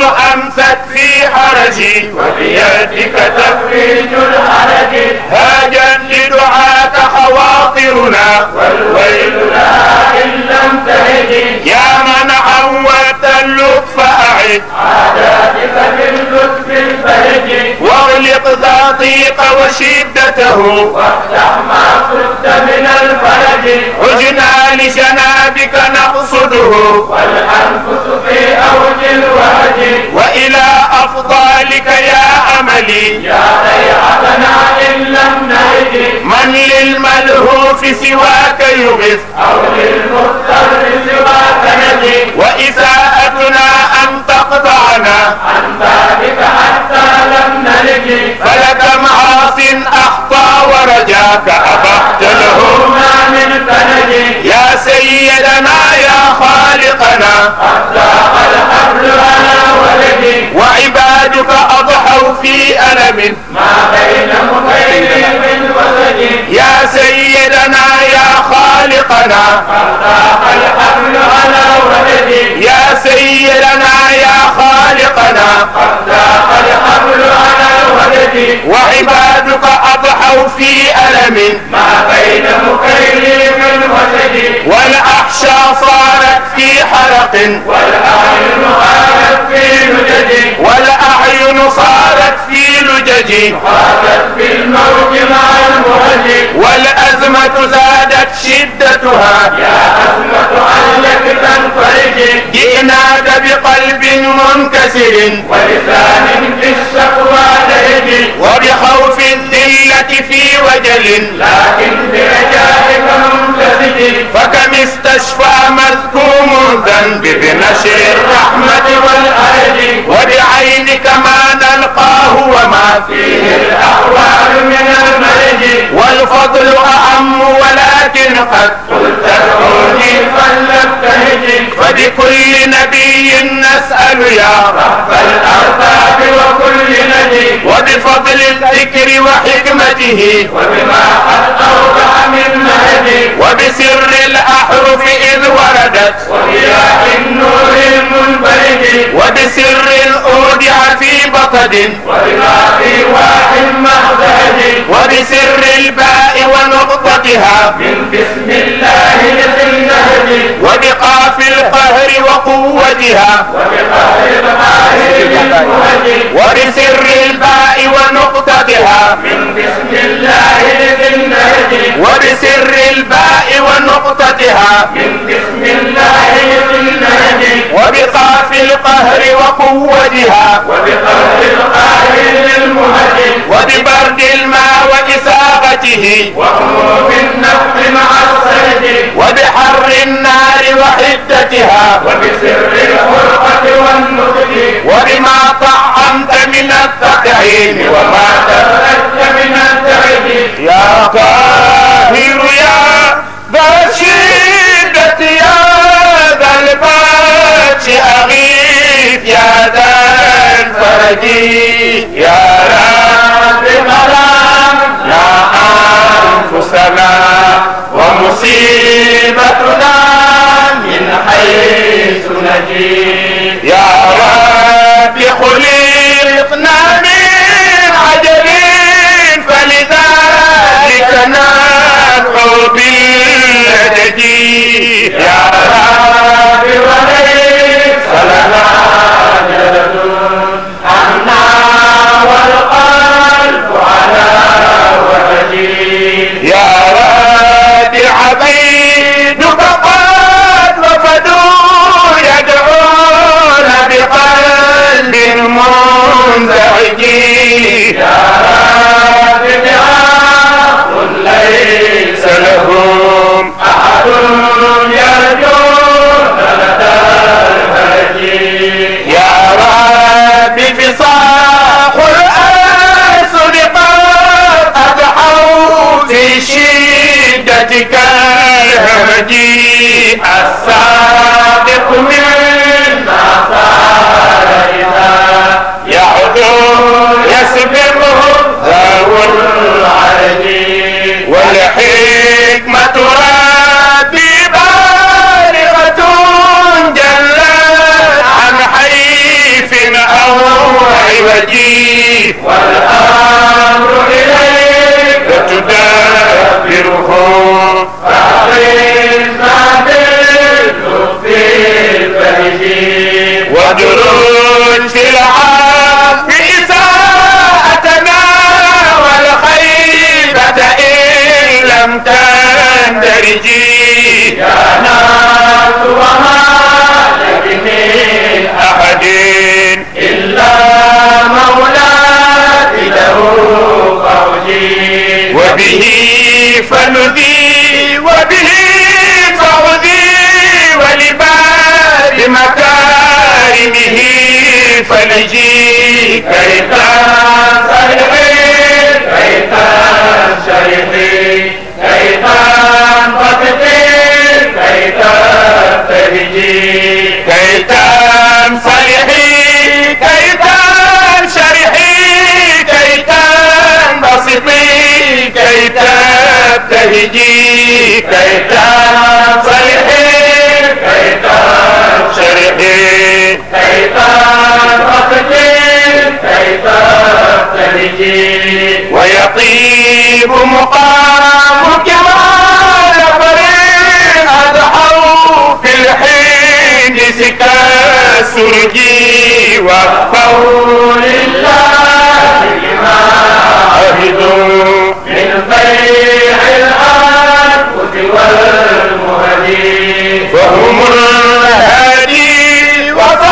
الشمس أمست في حرجي وبيدك تفريج الحرج هاجا لدعاك خواطرنا والويل لها إن لم تهد يا من عودت اللطف أعد عاداتك من لطف الفرج اليقظة ضيق وشدته وافتح ما خفت من الفرج عجنا لجنابك نقصده والأنفس في أوج الوهج وإلى أفضالك يا أملي يا ريعتنا إن لم نجد من للملهوف سواك يغث أو للمضطر سواك نجد وإساءتنا عن بابك حتى لم نلج فلك معاص أخطى ورجاك أبحت له ما من فلج يا سيدنا يا خالقنا قد ضاق الحبل على ولدي وعبادك أضحوا في ألم ما بين مخيل من وزج يا سيدنا يا خالقنا قد ضاق الحبل على ولدي يا سيدنا لنا وعبادك أب أو في ألم ما بين مكيف وسجن والأحشى صارت في حلق والأعين غابت في لجج والأعين صارت في لجج غابت في الموت مع المهج والأزمة زادت شدتها يا أزمة علك تنفرج جئناك بقلب منكسر ولسان في الشقوى لهج وبخوف الذلة في وجل لكن برجائك ممتثل فكم استشفى مذكوم ذنب بنشر الرحمة والأجل وبعينك ما نلقاه وما فيه الأحوال من المرج والفضل أعم ولا قد قل تدعوني فلنبتهج وبكل نبي نسأل يا رب الأرباب وكل نبي وبفضل الذكر وحكمته وبما قد أوضع من مهدي وبسر الأحرف إذ وردت وبياء النور المنبرد وبسر الأودع في بطد وبما في واح مهدد وبسر الباء ونقطتها من بسم الله لكي نهدي وبقاف القهر وقوتها وبقهر القاهر وبسر الباء ونقطتها من بسم الله لكي نهدي وبسر الباء ونقطتها من بسم الله لكي نهدي وبقاف القهر وقوتها وبقهر القاهر للمهدي وببرد الماء بذاته وهو بالنفس مع السيد وبحر النار وحدتها وبسر الفرقة والنقد وبما طعمت من التطعيم وما تركت من التعب يا قاهر يا ذا الشدة يا ذا البات أغيث يا ذا الفرج يا رب أنفسنا ومصيبتنا من حيث نجيب يا رب خلقنا من جی کیسا فرحے کیسا شرحے کیسا فخجے کیسا سرجے ويطيب مقامك ما نفر أدعو في الحين الإبليس كسرجي وفوا لله لما عهدوا من بيع الأنفس والمهدي وهم الهادي وفوا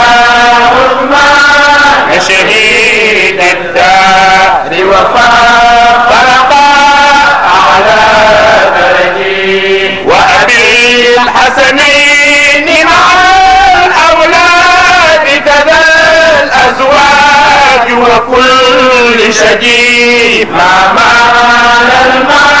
عثمان شهيد الدار وفاء فرقا على درجي وأبي الحسنين مع الأولاد كذا الأزواج وكل شجيب ما مال المال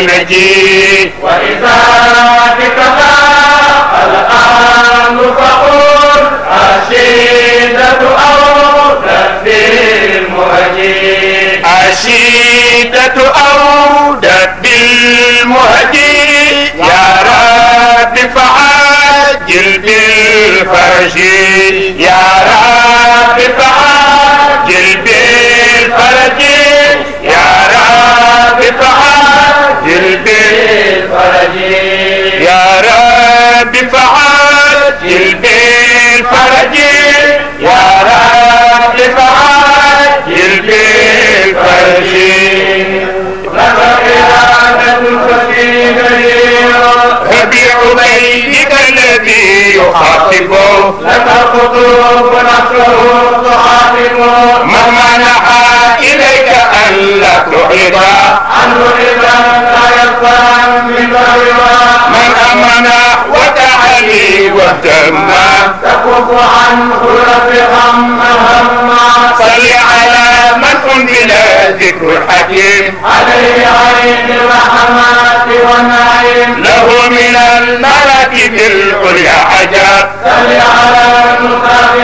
نجي وإذا كتبا الآن فقل أشيدة أو تكبير مهجي أشيدة أو تكبير مهجي يا رب فعاجل بالفرج يا رب فعاجل وجل بالفرج يا رب فعجل بالفرج يا رب فعجل بالفرج لقد عادت خفيفة ربيع بيتك الذي يخاطبه لك خطوب نحره تخاطبه مهما نحى إليك ألا تعرض أن نعرض لا يرضى من أمن وتعالى لساني وتما تكف عنه ربها مهما صل على من أنزل ذكر حكيم عليه عين الرحمات والنعيم له من المراتب العليا عجاب صل على المطهر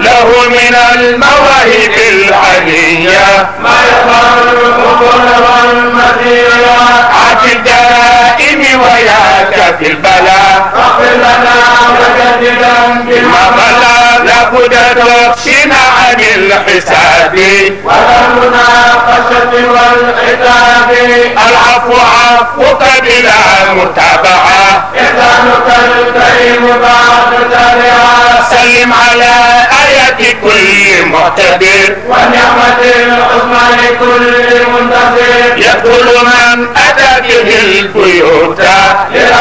له من المواهب العليا ما يفرق قلبا مديرا عاف الدائم وياك في البلد ربنا اغفر لنا وجدد بما بلا لابد تخشنا عن الحساب وذرنا خشب والعتاب العفو عفوك بلا متابعه اذانك الكريم بعد تابعه سلم على ايه كل معتبر ونعمه العظمى لكل منتظر يدخل من اتى به البيوت لرحمه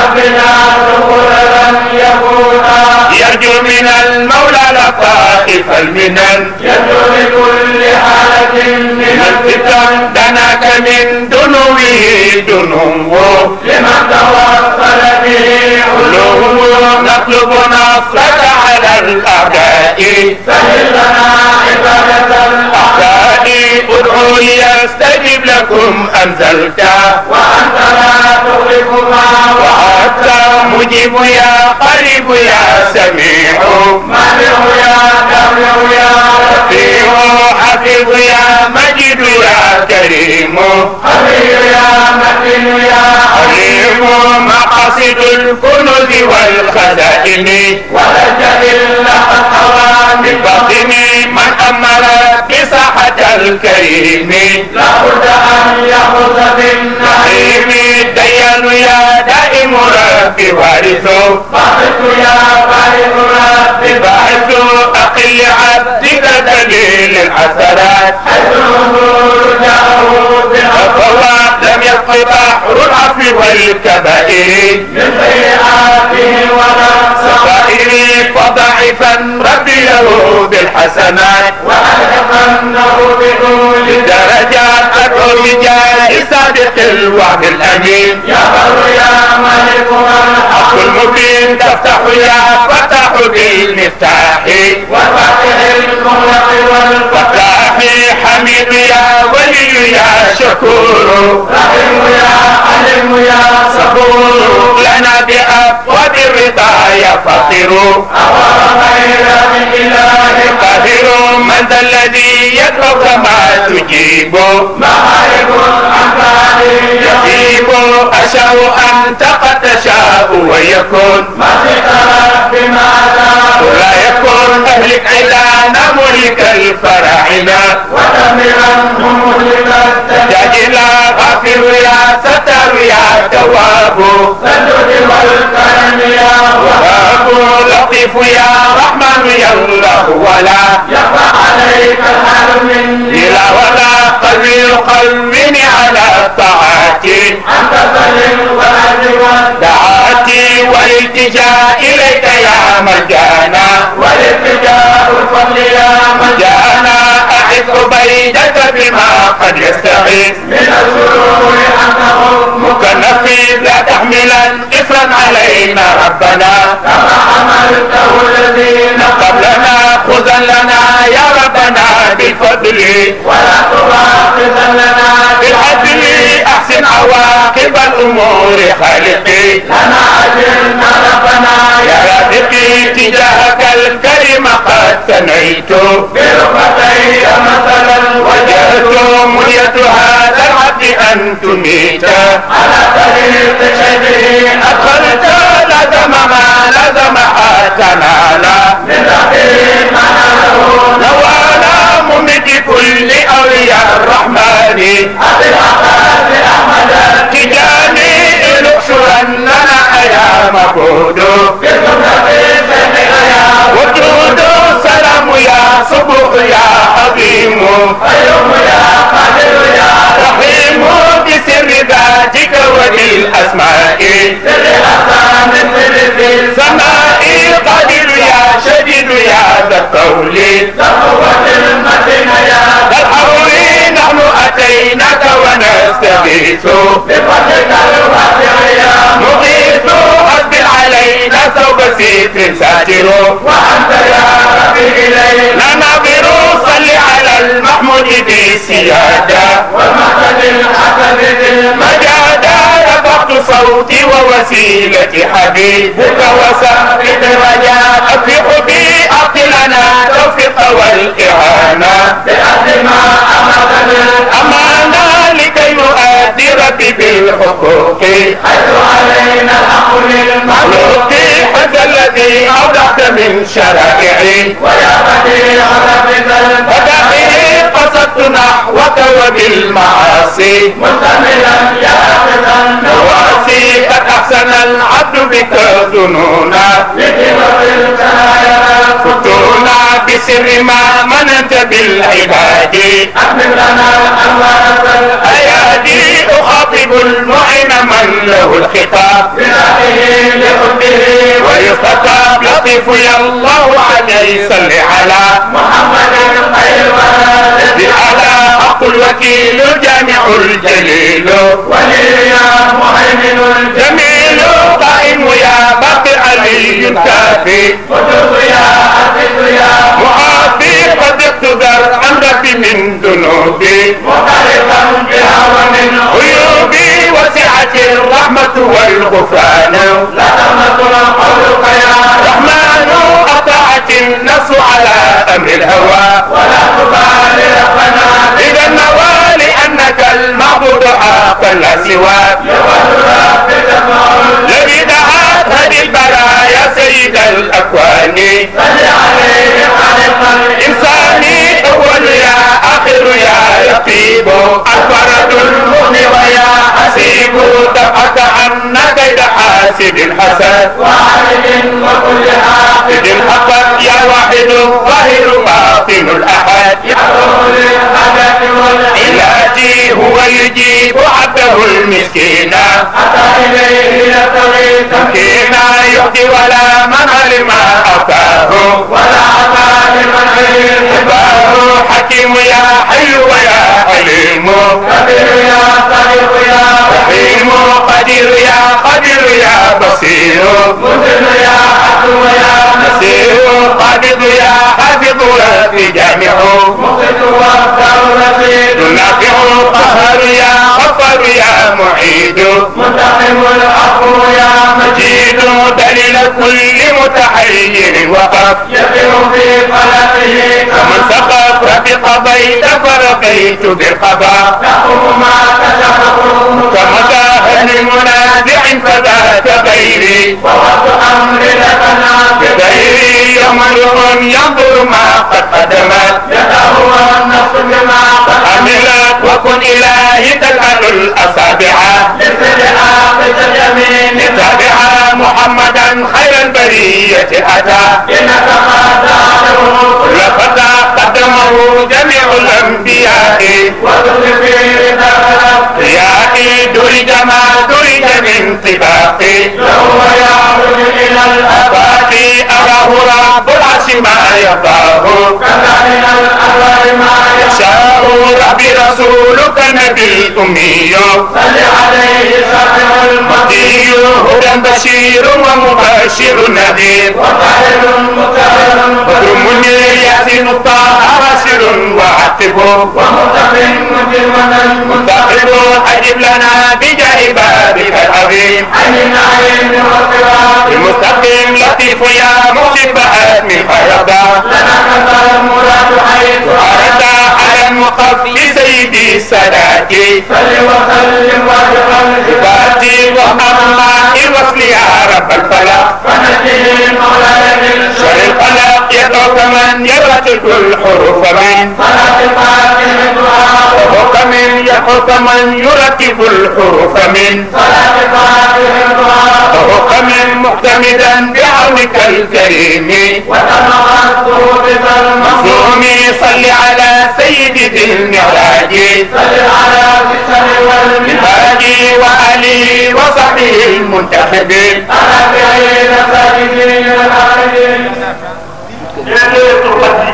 يرجو من المولى لطائف المنن يرجو بكل حالة من الفتن دناك من دنوه دنوه لمن توصل كلهم نطلب نصرك على الأعداء سهل لنا عبادة الأعداء ادعوا ليستجب لكم أنزلت وأنت لا تخلف ما وعدت مجيب يا قريب يا سميع مانع يا دافع يا رفيع حفيظ يا مجيد يا كريم خبير يا متين يا عليم مقاصد الكنوز والخزائن ورجل الأقوام بالبطن من أمر بصحة الكريم لابد أن يأخذ بالنعيم ديان يا دائم رأي الرب وارث باعث يا باعث الرب باعث أقل عبدك دليل الحسنات حيث نور لم يبق بحر العفو والكبائر من خيراتهم ولا سخائر فضعفا ربي له بالحسنات وألهمنه بنور درجات أدعو بجاه صادق الوعد الأمين يا بر يا ملك الحق المبين تفتح يا فتح بالمفتاح والفتح المغلق والفتاح حميد يا ولي يا شكور رحيم يا عليم يا صبور لنا بأفواد الرضا يفطر أمر غير من إله قاهر من ذا الذي يدعو كما تجيب معارف عن يقين يكون أشاء أن تقد تشاء ويكون ما في بما ولا يكون أهلك علانا مهلك الفراعنة ودمرا مهلكا جاجلا غافر يا ستر يا تواب سدد والكرم يا وهاب لطيف يا رحمن يا الله ولا يقع عليك الحال مني لا ولا قلبي يقومني على الطاعة دعوتي أنت صل وأزواج دعاتي والالتجاء إليك يا مرجانا والالتجاء الفضل يا مرجانا أعز عبيدك بما قد يستعيذ من الشرور أنه مكنفي لا تحملا إصرا علينا ربنا كما عملته الذين قبلنا خذا لنا يا ربنا بالفضل عاقبة أمور خلقي لنا أجرنا ربنا يا رفيقي تجاهك الكريم قد سمعت برفتي مثلا وجهت منية هذا العبد أن تميت على طريق شبه أدخلت لزم ما لزم حتى نالا من رحيم أنا له المقام بكل أولياء الرحمن أبي العباس أحمد تجاني لشرا لنا يا مقود ودود سلام يا صبوح يا عظيم أيوم يا قادر يا رحيم بسر ذاتك وبالأسماء سر أسام سر في السماء قادر يا شديد يا ذا الطول نستغيث بفضلك الواسع نغيث أسبل علينا ثوب ستر ساتر وأنت يا ربي إلينا ننظر صل على المحمود بالسيادة والمهد الحسن بالمجادة شفقت صوتي ووسيلتي حبيبك وسهرك رجاء في حبي أقلنا توفيق والإعانة بأهل ما أمرنا أمانا لكي نؤثر بالحقوق حيث علينا الحق للمخلوق هذا الذي أوضحت من شرائعي ويا بديع رب البلد قصدت نحوك وبالمعاصي منتملا يا أخذا نواسي قد أحسن العبد بك ظنونا لكبر الكايا فتونا بسر ما أنت بالعباد أحمد لنا أنوار الأيادي أخاطب المعين من له الخطاب بنائه لحبه ويستتاب لطيف يا الله عليه صل على محمد خير ولد على حق الوكيل جامع الجليل ولي مهيمن الجميل قائم يا باقي علي كافي قدوس يا عزيز يا محمد قد اقتدر عندك من ذنوبي مطرقا بهوى من عيوبي وسعت الرحمة والغفران لطمة الخلق يا رحمن أطاعت النفس على أمر الهوى ولا تبالي قناعي إذا نوى لأنك المعبود حقا لا سواك مزيد الأكوان صل عليه خالق الإنسان أول يا آخر يا رقيب الفرد المؤمن ويا حسيب دفعت عنا كيد حسيب سيد الحسن وعلم وكل حافظ الحسن يا واحد ظاهر باطن الاحد يا رب الهدف والعلاجي هو يجيب عبده المسكين اتى اليه يبتغي تمكينا يهدي ولا من علم اتاه ولا عطى لمن علم حكيم يا حي ويا عليم قدير يا قدير يا رحيم قدير يا قدير يا بصير مدن يا عدو يا نصير قادر يا حافظ وفي جامع مقد والدولة منافع قهر يا غفر يا معيد منتقم العفو يا مجيد دليل كل متحير وقف يقر في قلبه ومن سقط رفق بيت فرقيت بالقضاء تقوم ما تشهر كمتى هل منافع نافع فذاك غيري فوضع أمري لك نافع غيري يمرء ينظر ما قد قدمت يده والنفس بما قد عملت وكن إلهي تلأل الأصابع لكل عاقد اليمين تابع محمدا خير البرية أتى إنك قد لقد قدمه جميع الأنبياء وكل في رضا يا أخي درج ما درج من طباقي لو يعود إلى الأباق أراه رب العرش ما يرضاه كذا من الأنوار ما يشاء ربي رسولك نبي أمي صل عليه شرع المهدي هدى بشير ومبشر نذير وطاهر مطهر بدر منير حسين الطه راسل وعتب ومؤمن مجرما منتقب اجب لنا بجاه بابك العظيم عين عين وقراء المستقيم لطيف يا مصيب من فردا لنا كفى المراد حيث اردت على المخف لسيدي ساداتي صل وسلم واجعل عبادي وامام الوصل يا رب الفلق ونجي مولاي من شر القلق يدعوك من يبرأ فاتت الحروف من وحكم يحكم يرتب الحروف من وحكم معتمدا بعونك الكريم مفهومي صل على سيد ذي المعراج صل على منهاجي وآله وصحبه المنتخب أنا بعين سيدي العالمين laylatul qadr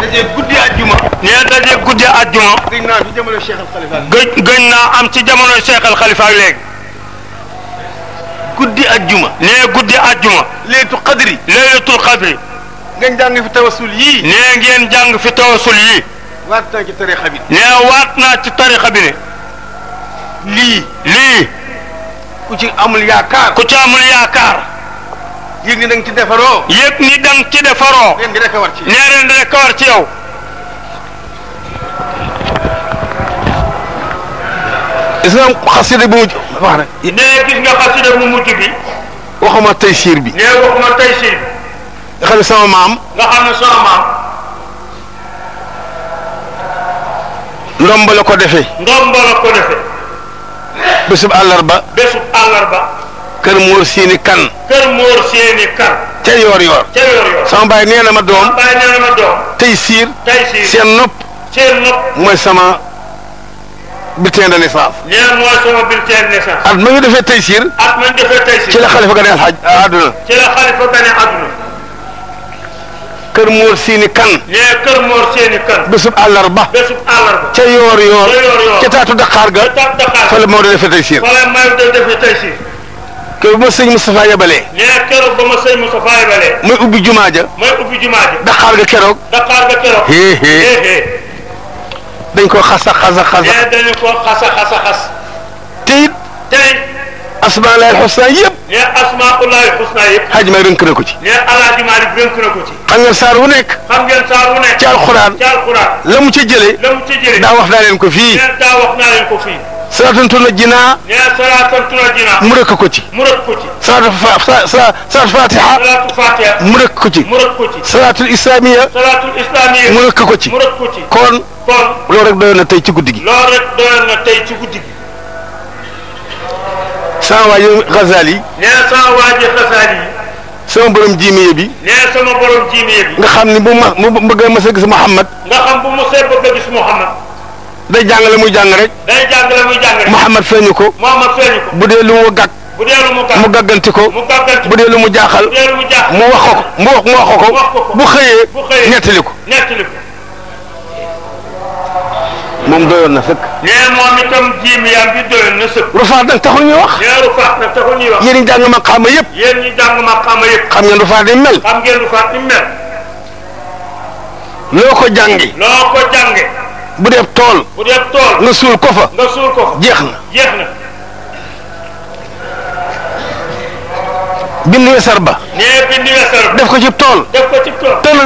daje guddi àjjuma nee daje guddi àjjuma gëj naa ci jamono Cheikh al Khalifa gëj gëj naa am ci jamono Cheikh al Khalifa ak léegi guddi àjjuma nee guddi àjjuma laylatul qadri laylatul qadri ngeen jàng fi tawasul yii nee ngeen jàng fi tawasul yii waat naa ci tarixa bi nee waat naa ci tarixa bi ne lii lii ku ci amul yaakaar ku ci amul yaakaar yëg ni da nga ci defaroo. yëg ni da nga ci defaroo. leen di rek a war ci yow nee leen di rek a war ci yow. gis nga xasida bu mujj wax rek. nee gis nga xasida bu mujj bi. waxuma tey siir bi. nee waxuma tey siir bi. nga xam ne sama maam. nga xam ne sama maam. ndomba la ko defee. ndomba la ko defee. bésub àllarba. bésub àllarba. kër Mor Séni Kan. kër Mor Séni Kan. ca yoor yoor. ca yoor yoor sama baay nee na ma doom. sama baay nee na ma doom. tey siir. tey siir seen nopp. seen nopp mooy sama bulletin de naissance. nee na mooy sama bulletin de naissance. at ma ñu defee tey siir. at ma ñu defee tey siir. ci la xalifa gane xaaj euh, àdduna. ci la xalifa gane àdduna. kër Mor Séni Kan. nee kër Mor Séni Kan. bésub àllarba. bésub àllarba. ca yoor yoor. ca yoor yoor ca taatu Dakar ga. ca taatu Dakar ga fa la Maodo defee tey siir. fa la Maodo defee tey siir. keroog ba ma sëñ Moustapha yabalee. nee na keroog ba ma sëñ Moustapha yabalee. mooy ubbi jumaa ja. mooy ubbi jumaa ja. daxaar ga keroog. daxaar ga keroog. hee hee. dañ koo xasa xasa xasa. nee dañu koo xasa xasa xas. te it. te it. asmaa laay xusna yëpp. nee asmaa laay xusna yëpp. xaj ma rënk na ko ci. nee alaaji Maalik rënk na ko ci. xam ngeen saar wu nekk. xam ngeen saar wu nekk. ci alxuraan. ci alxuraan. la mu ca jëlee. la mu ca jëlee daa wax naa leen ko fii. nee daa wax naa leen ko fii. salaatan tuna jinaa. nee salaatan tuna jinaa. ko ci. ko fatiha. salaatu fatiha. mu rëkk ko ci. mu rëkk ko rek doyoon na tey ci guddi gi. loolu rek doyoon na tey ji Ghazali. nee sama waa Ghazali. sama borom jiimiye bi. nee sama bi. nga xam ni bu ma mu bëgg a mës a gis Muhammad. a bëgg a gis Muhammad. day jàngale muy jàng rek. day jàngale muy jàng rek. Mouhamad feeñu ko. ko. bu dee lu mu gàgg. mu gàgganti ko. mu bu dee lu mu jaaxal. mu wax ko mu wax ko. bu xëyee bu xëyee nettali ko. nettali ko. moom doyoon na sëkk. mais moom itam jiim wax. mais jàng maqaama yëpp. yéen ñi jàng maqaama yëpp. xam ngeen Rufaax di mel. xam ngeen loo ko jàngi. bu dee tool. bu dee tool nga suul ko fa. nga suul ko fa jeex na. jeex na. bind wesar ba. def ko ci tool. def ko ci ku ko def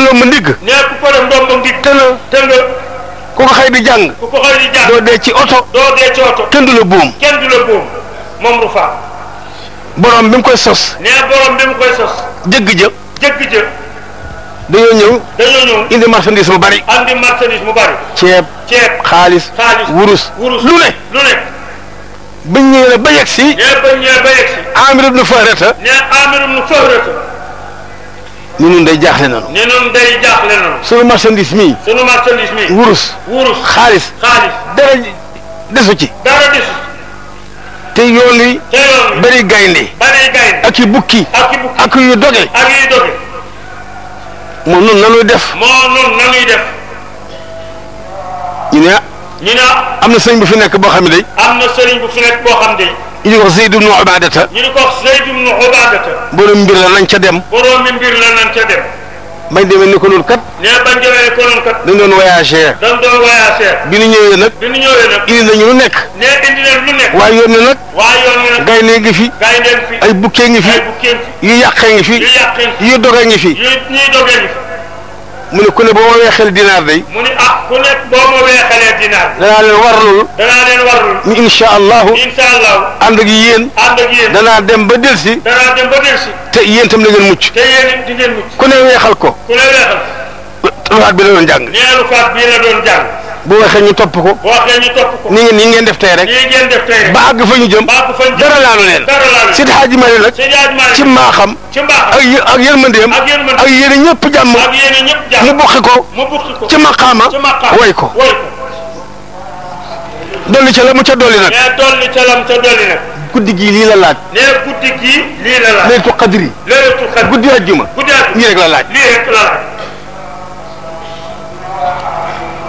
ndoom ba ndigg. nee ku ko def ko xëy di jàng. ku ko doo dee ci oto. oto. kenn du la buum. kenn du la buum moom Rufa. borom bi mu koy sos. bi mu jëgg jëgg dañoo ñëw. dañoo ñëw indi marchandise mu bari. andi marchandise mu bari. ceeb ceeb xaalis. xaalis wurus wurus lu ne. lu ne. bañ ñëwee la ba yegg si. nee bañ ñëwee ba yegg si. Amir ibn Fahrata. nee Amir ibn Fahrata. ni ñun day jaaxle nañu. sunu marchandise mii. sunu marchandise mii. wurus. wurus xaalis. xaalis dara desu ci. dara desu ci. te yoon yi. gaynde. ak i bukki. ak i doge. moom noonu nanuy def. moom noonu nanuy def. ñu ne ah. ah. am na sëriñ bu fi nekk boo xam ne am na sëriñ bu fi nekk boo xam ne day. ñu di ko Zayd ibn Ubaadata. ñu di ko Zayd ibn Ubaadata. borom mbir la nañ ca dem. borom mbir la nañ ca dem. bañ demee ni ko loolu kat. nee ko loolu kat. dañ doon voyager. dañ bi nu ñëwee nag. ñu ñëwee nag. indi nañu lu nekk. nee indi leen lu waaye yoon na nag. waaye ngi fi. gaynde ngi fi. ay bukkee ngi fi. ay bukkee ngi fi. yu yàqee ngi fi. yu yàqee ngi dogee ngi fi. mu ne ku ne boo ma weexalee dinaar day. mu ne ah ku ne boo ma weexalee dinaar. danaa leen warlul. danaa leen warlul. ni incha allahu. incha allahu. ànd ak yéen. ànd ak yéen. danaa dem ba delsi. danaa dem ba delsi. te yéen itam da ngeen mucc. te yéen di ngeen mucc. ku ne weexal ko. ku ne weexal. tabaxaat bi la doon jàng. neelu faat bii la doon jàng. bu waxee ñu topp ko. bu waxee ñu ko. nii ngeen def tey rek. nii ngeen def tey rek. ba àgg fa ñu jëm. ba àgg fa ñu jëm dara laalu leen. dara laalu leen Seydi Hadji Malick nag. Seydi Hadji Malick ci maaxam. ci ak yë ak yërmandeem. ak yërmandeem ak yéen ñëpp jàmm. ak yéen a ñëpp jàmm mu bokk ko. mu bokk ko ci maqaama. ci maqaama way ko. way ko. dolli ca la mu ca dolli nag. mais dolli ca la mu ca dolli nag. guddi gii lii la laaj. nee guddi gii lii la laaj. laylatul qadri. laylatul qadri guddi àjjuma. guddi rek la laaj.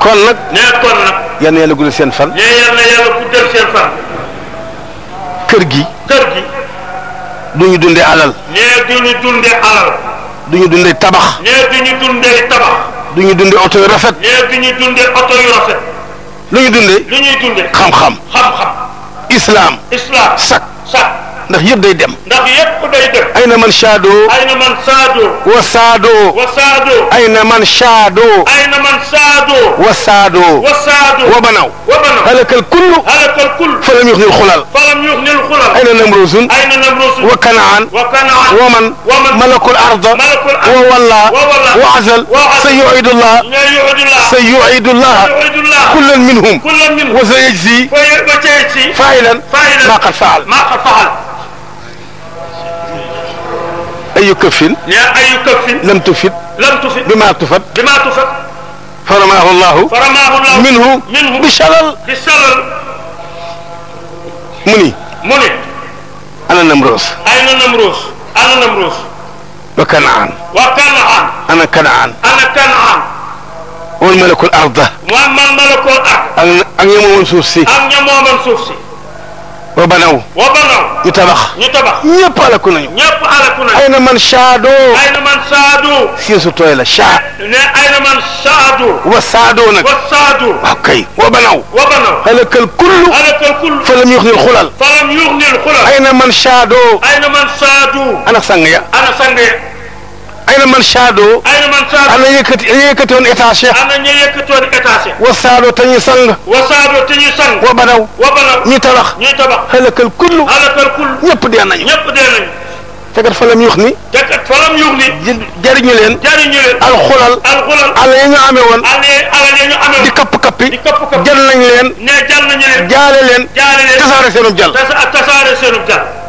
kon nag. nee kon nag. yal na yàlla guddal seen fan. nee yal na yàlla guddal seen fan. kër gi. kër gi. du ñu dundee alal. nee du ñu dundee alal. du ñu dundee tabax. nee du ñu dundee tabax. du ñu dundee oto yu rafet. nee du ñu dundee oto yu rafet. lu ñu dundee. lu ñuy dundee. xam-xam. xam-xam. islam. islam sak. sak ndax yëpp day dem. ndax yëpp day dem. ay na man saadoo. ay na man saadoo. wa saadoo. wa saadoo. ay na man saadoo. ay na man saadoo. وسادوا وسادوا وبنوا وبنوا هلك الكل هلك الكل فلم يغني الخلل فلم يغني الخلل أين نمروز أين نمروز وكنعان وكنعان ومن ومن ملك الأرض ملك الأرض وولى وعزل سيعيد الله سيعيد الله سيعيد الله كل منهم كل منهم وسيجزي وسيجزي فاعلا ما قد فعل ما قد فعل أي كف يا أي كف لم تفد لم تفد بما تفد بما تفد فرماه الله فرماه الله منه منه بشلل بشلل مني مني أنا نمروس أنا نمروس أنا نمروس وكنعان وكنعان أنا كنعان أنا كنعان ومن ملك الأرض ومن ملك الأرض أن يمون سوسي أن يمون سوسي wa banaw wa banaw ñu tabax ñu tabax ñëpp alaku nañu ñëpp alaku nañu ay na man saado ay na man saado siisu tooy la saa ne ay na man saado wa saado nag wa saado waaw kay wa banaw wa banaw halakal kullu halakal kullu fa lam yuxnil xulal fa lam yuxnil xulal ay na man saado ay na man saado ana sang ya ana sang ya ayna man saado ayna man saado ana yëkkati ana yëkkatoon état cheikh ana ñu yëkkatoon état cheikh wa saado te ñuy sang wa saado te ñuy sang wa banaw wa banaw ñuy tabax ñuy tabax xalakal kullu xalakal kullu ñëpp dee nañu ñëpp dee nañu tekat falam yux ni tekat falam yux ni jariñu leen jariñu leen alxulal alxulal ala ya ñu amee woon ala ya ñu amee woon di kapp kappi di kapp kappi jël nañ leen ne jël nañu leen jaale leen jaale leen tasaare seenub jàll tasaare seenub jàll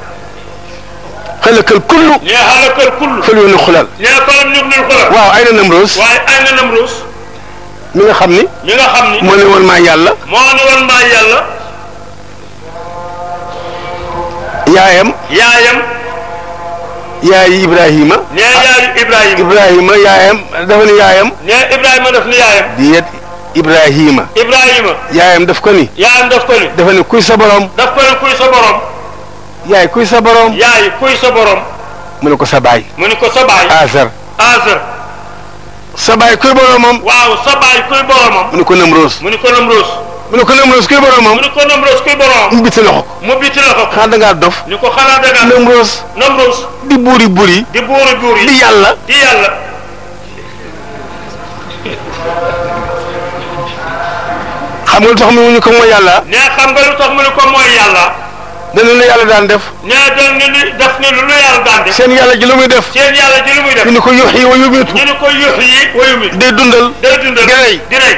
xalakal kullu. nee xalakal kullu. fël yoonu xulal. nee falam ñu ngi xulal. waaw ay na Namroos. waaye ay na Namroos. mi nga xam ni. mi nga xam ni. moo ne woon maa yàlla. moo ne woon maa yàlla. yaayam. yaayam. yaayu Ibrahima. nee yaayu Ibrahima. Ibrahima yaayam dafa ni yaayam. nee Ibrahima daf ni yaayam. diet Ibrahima. Ibrahima. yaayam daf ko ni. yaayam daf ko ni. dafa ni kuy sa borom. daf ko ni kuy sa borom. yaay kuy sa borom. yaay kuy sa borom. mu ne ko sa baay. mu ne ko sa baay. Azar. Azar. sa baay kuy boromam. waaw sa baay kuy boromam. mu ne ko Namroos. mu ne ko Namroos. mu ne ko Namroos kuy boromam. mu ne ko Namroos kuy boromam. mu bitti loxo. mu bitti loxo. xanaa da ngaa dof. ni ko xanaa da ngaa. Namroos. Namroos. di buuri buuri. di buuri buuri. di yàlla. di yàlla. xam nga lu tax mu ne ko mooy yàlla. mais xam nga lu tax mu ne ko mooy yàlla. ne lu lu yàlla daan def. nee doon ñu ni def ni lu lu yàlla daan def. seen yàlla ji lu muy def. seen yàlla ji lu muy def. ñu ni ko yuux yi wa yumiitu. ñu ni ko yuux yi wa yumiitu. day dundal. day dundal di rey di rey.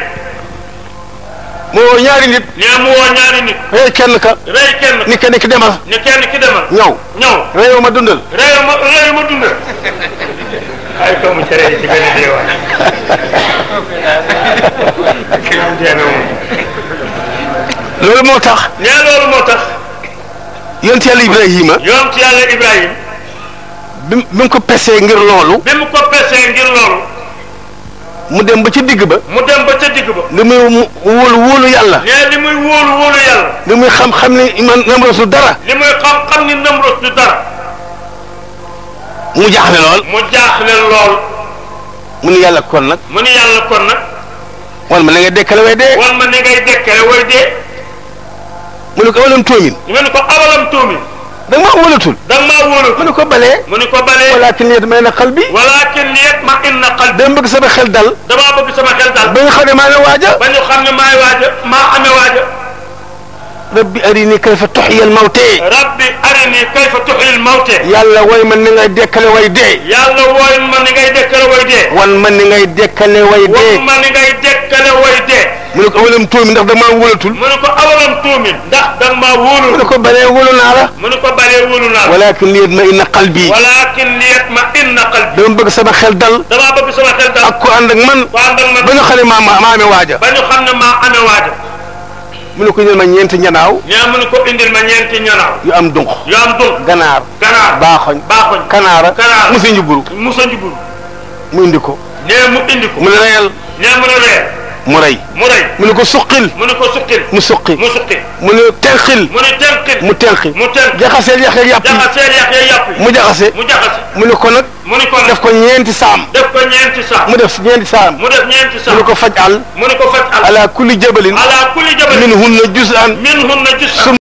mu woo ñaari nit. nee mu woo ñaari nit. rey kenn ka. rey kenn ka ni kenn ki demal. ni kenn ki demal. ñëw ñëw. reyoo ma dundal. reyoo ma reyoo ma dundal. ay doomu cere yi ci benn dee waay. loolu moo tax. nee loolu moo tax. yont yàlla Ibrahima. yont yàlla Ibrahima. bi mu ko pesee ngir loolu. mu ko pesee ngir dem ba ca digg ba. mu dem ba ca digg ba. li muy wóolu wóolu yàlla. nee li muy wóolu wóolu yàlla. li muy xam-xam ni man Namroos du dara. li muy xam-xam ni Namroos du dara. mu jaaxle lool. mu jaaxle lool. mu ni yàlla kon nag. mu ni yàlla ngay dekkale way dee. wan ma ne ngay dekkale way dee. mu ne ko awalam tuumin. mu ne ko awalam tuumin. da nga maa wóolatul. da nga maa wóolatul. mu ne ko balee. mu ne ko balee. walaakin liyatma'inna qalbi. walaakin liyatma'inna qalbi. dama bëgg sama xel dal. damaa bëgg sama xel dal. ba ñu xam ne maa ngi waaja. ba ñu xam ne maa ngi waaja maa amee waaja. rabbi arini kayfa tuhyi al-mawtee. rabbi arini kayfa tuhyi al-mawtee. yàlla wooy man ni ngay dekkale way dee. yàlla wooy man ni ngay dekkale way dee. wan man ni ngay dekkale way dee. wan man ni ngay dekkale way dee. mu ne ko awalam tuumin ndax da nga maa wóolatul mu ne ko awalam tuumin ndax da nga maa wóolul mu ne ko balee wóolu naa la mu ne ko balee wóolu naa la walakin liyet ma inna qalbi walakin liyet ma inna qalbi dama bëgg sama xel dal dama bëgg sama xel dal ak ku ànd ak man ku ànd ak man ba ñu xam ne maa maa amee waaja ba ñu xam ne maa amee waaja mu ne ko indil ma ñeenti ñanaaw. ñaa mu ne ko indil ma ñeenti ñanaaw. yu am dunq. yu am dunq. ganaar. ganaar baaxoñ. baaxoñ kanaara. kanaara musa njuburu. musa njuburu. mu indi ko. nee mu indi ko. mu ne reyal. nee mu ne reyal. mu rey. mu rey mu ne ko suqil. mu ne ko suqil. mu suqi mu suqi. mu ne tenqil. mu ne tenqil. mu tenqi. mu tenqi jaxaseel yàq yeeg yàpp yi. jaxaseel yàq yeeg yàpp yi. mu jaxase. mu jaxase mu ne ko nag. mu ne ko nag def ko ñeenti saam. def ko ñeenti saam. mu def ñeenti saam. mu def ñeenti saam. mu ne ko faj al. mu ne ko faj al. ala kulli jabalin. ala kulli jabalin. min hunna juz'an. min hunna juz'an.